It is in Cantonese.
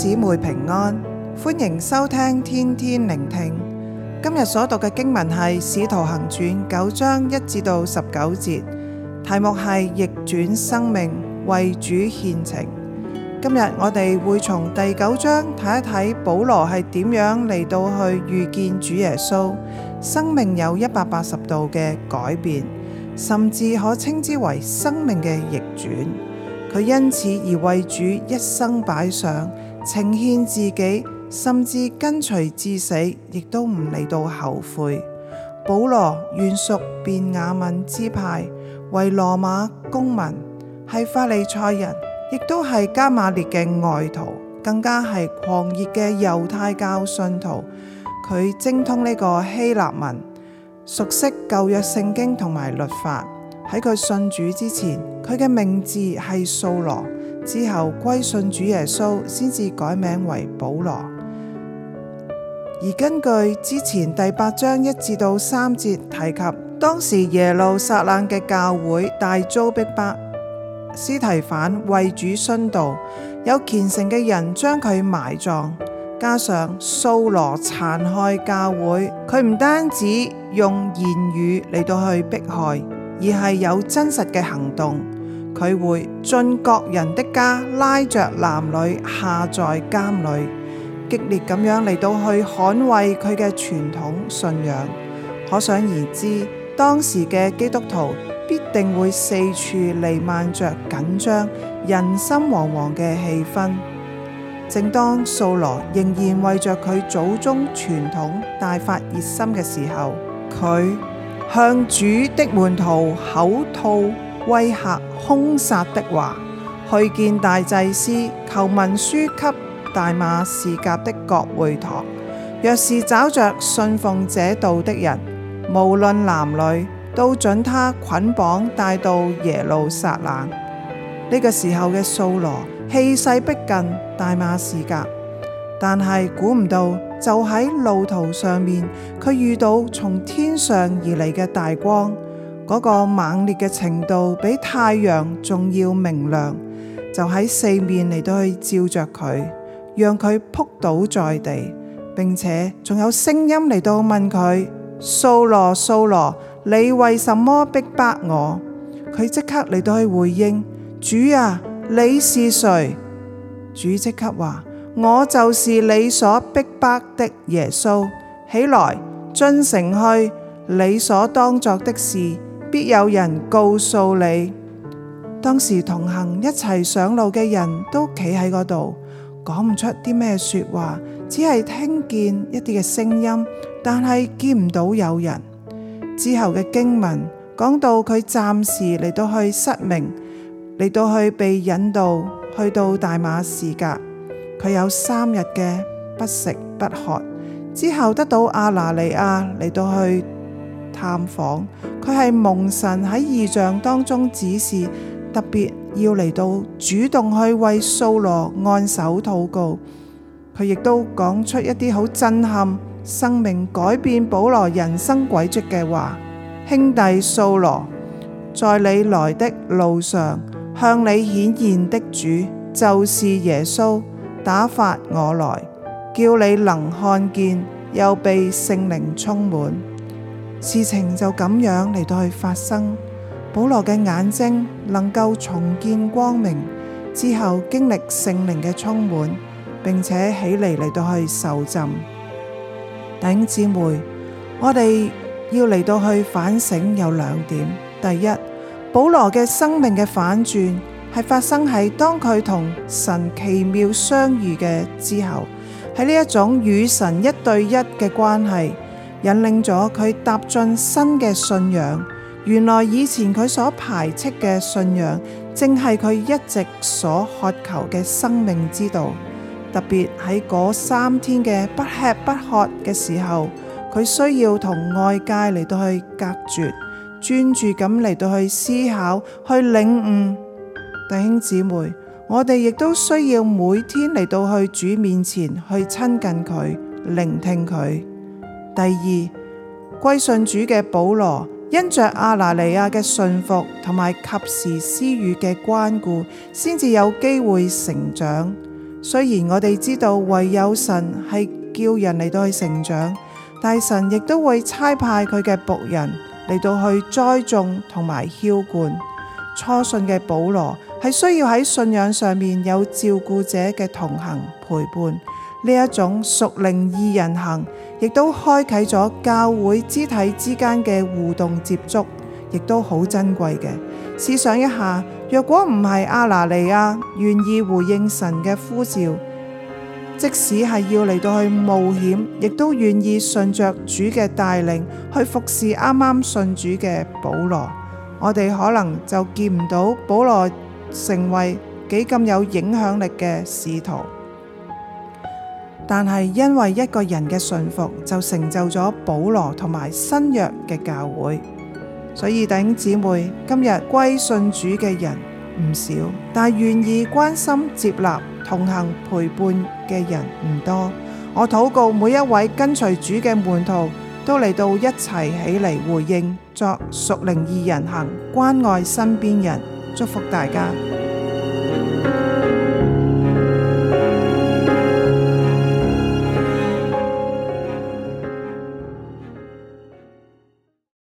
姊妹平安，歡迎收聽天天靈聽。今日所讀嘅經文係《使徒行傳》九章一至到十九節，題目係逆轉生命為主獻呈。今日我哋會從第九章睇一睇保羅係點樣嚟到去遇見主耶穌，生命有一百八十度嘅改變，甚至可稱之為生命嘅逆轉。佢因此而為主一生擺上。呈現自己，甚至跟隨至死，亦都唔嚟到後悔。保羅原屬便雅憫支派，為羅馬公民，係法利賽人，亦都係加瑪列嘅愛徒，更加係狂熱嘅猶太教信徒。佢精通呢個希臘文，熟悉舊約聖經同埋律法。喺佢信主之前，佢嘅名字係掃羅。之後歸信主耶穌，先至改名為保羅。而根據之前第八章一至到三節提及，當時耶路撒冷嘅教會大遭逼迫，司提反為主殉道，有虔誠嘅人將佢埋葬。加上掃羅殘害教會，佢唔單止用言語嚟到去迫害，而係有真實嘅行動。佢會進各人的家，拉着男女下在監裏，激烈咁樣嚟到去捍衛佢嘅傳統信仰。可想而知，當時嘅基督徒必定會四處瀰漫着緊張、人心惶惶嘅氣氛。正當掃羅仍然為着佢祖宗傳統大發熱心嘅時候，佢向主的門徒口吐威嚇、凶殺的話，去見大祭司，求文書給大馬士革的各會堂。若是找着信奉這道的人，無論男女，都准他捆綁帶到耶路撒冷。呢、這個時候嘅掃羅氣勢逼近大馬士革，但係估唔到就喺路途上面，佢遇到從天上而嚟嘅大光。嗰個猛烈嘅程度比太陽仲要明亮，就喺四面嚟到去照着佢，讓佢仆倒在地。並且仲有聲音嚟到問佢：掃羅，掃羅，你為什麼逼迫我？佢即刻嚟到去回應：主啊，你是誰？主即刻話：我就是你所逼迫的耶穌。起來，進城去，你所當作的事。必有人告訴你。當時同行一齊上路嘅人都企喺嗰度，講唔出啲咩説話，只係聽見一啲嘅聲音，但係見唔到有人。之後嘅經文講到佢暫時嚟到去失明，嚟到去被引導去到大馬士革，佢有三日嘅不食不喝，之後得到亞拿尼亞嚟到去探訪。佢係蒙神喺異象當中指示，特別要嚟到主動去為掃羅按手禱告。佢亦都講出一啲好震撼生命改變保羅人生軌跡嘅話。兄弟掃羅，在你來的路上，向你顯現的主就是耶穌，打發我來叫你能看見，又被聖靈充滿。事情就咁樣嚟到去發生，保羅嘅眼睛能夠重見光明之後，經歷聖靈嘅充滿，並且起嚟嚟到去受浸。弟兄姊妹，我哋要嚟到去反省有兩點：第一，保羅嘅生命嘅反轉係發生喺當佢同神奇妙相遇嘅之後，喺呢一種與神一對一嘅關係。引領咗佢踏進新嘅信仰，原來以前佢所排斥嘅信仰，正係佢一直所渴求嘅生命之道。特別喺嗰三天嘅不吃不喝嘅時候，佢需要同外界嚟到去隔絕，專注咁嚟到去思考、去領悟。弟兄姊妹，我哋亦都需要每天嚟到去主面前，去親近佢、聆聽佢。第二，歸信主嘅保羅，因着亞拿尼亞嘅順服同埋及時施予嘅關顧，先至有機會成長。雖然我哋知道唯有神係叫人嚟到去成長，但神亦都會差派佢嘅僕人嚟到去栽種同埋澆灌。初信嘅保羅係需要喺信仰上面有照顧者嘅同行陪伴。呢一種屬靈二人行，亦都開啟咗教會肢體之間嘅互動接觸，亦都好珍貴嘅。試想一下，若果唔係亞拿尼亞願意回應神嘅呼召，即使係要嚟到去冒險，亦都願意順着主嘅帶領去服侍啱啱信主嘅保羅，我哋可能就見唔到保羅成為幾咁有影響力嘅使徒。但係因為一個人嘅順服，就成就咗保羅同埋新約嘅教會。所以弟兄姊妹，今日歸信主嘅人唔少，但係願意關心接納同行陪伴嘅人唔多。我禱告每一位跟隨主嘅門徒，都嚟到一齊起嚟回應，作屬靈二人行，關愛身邊人，祝福大家。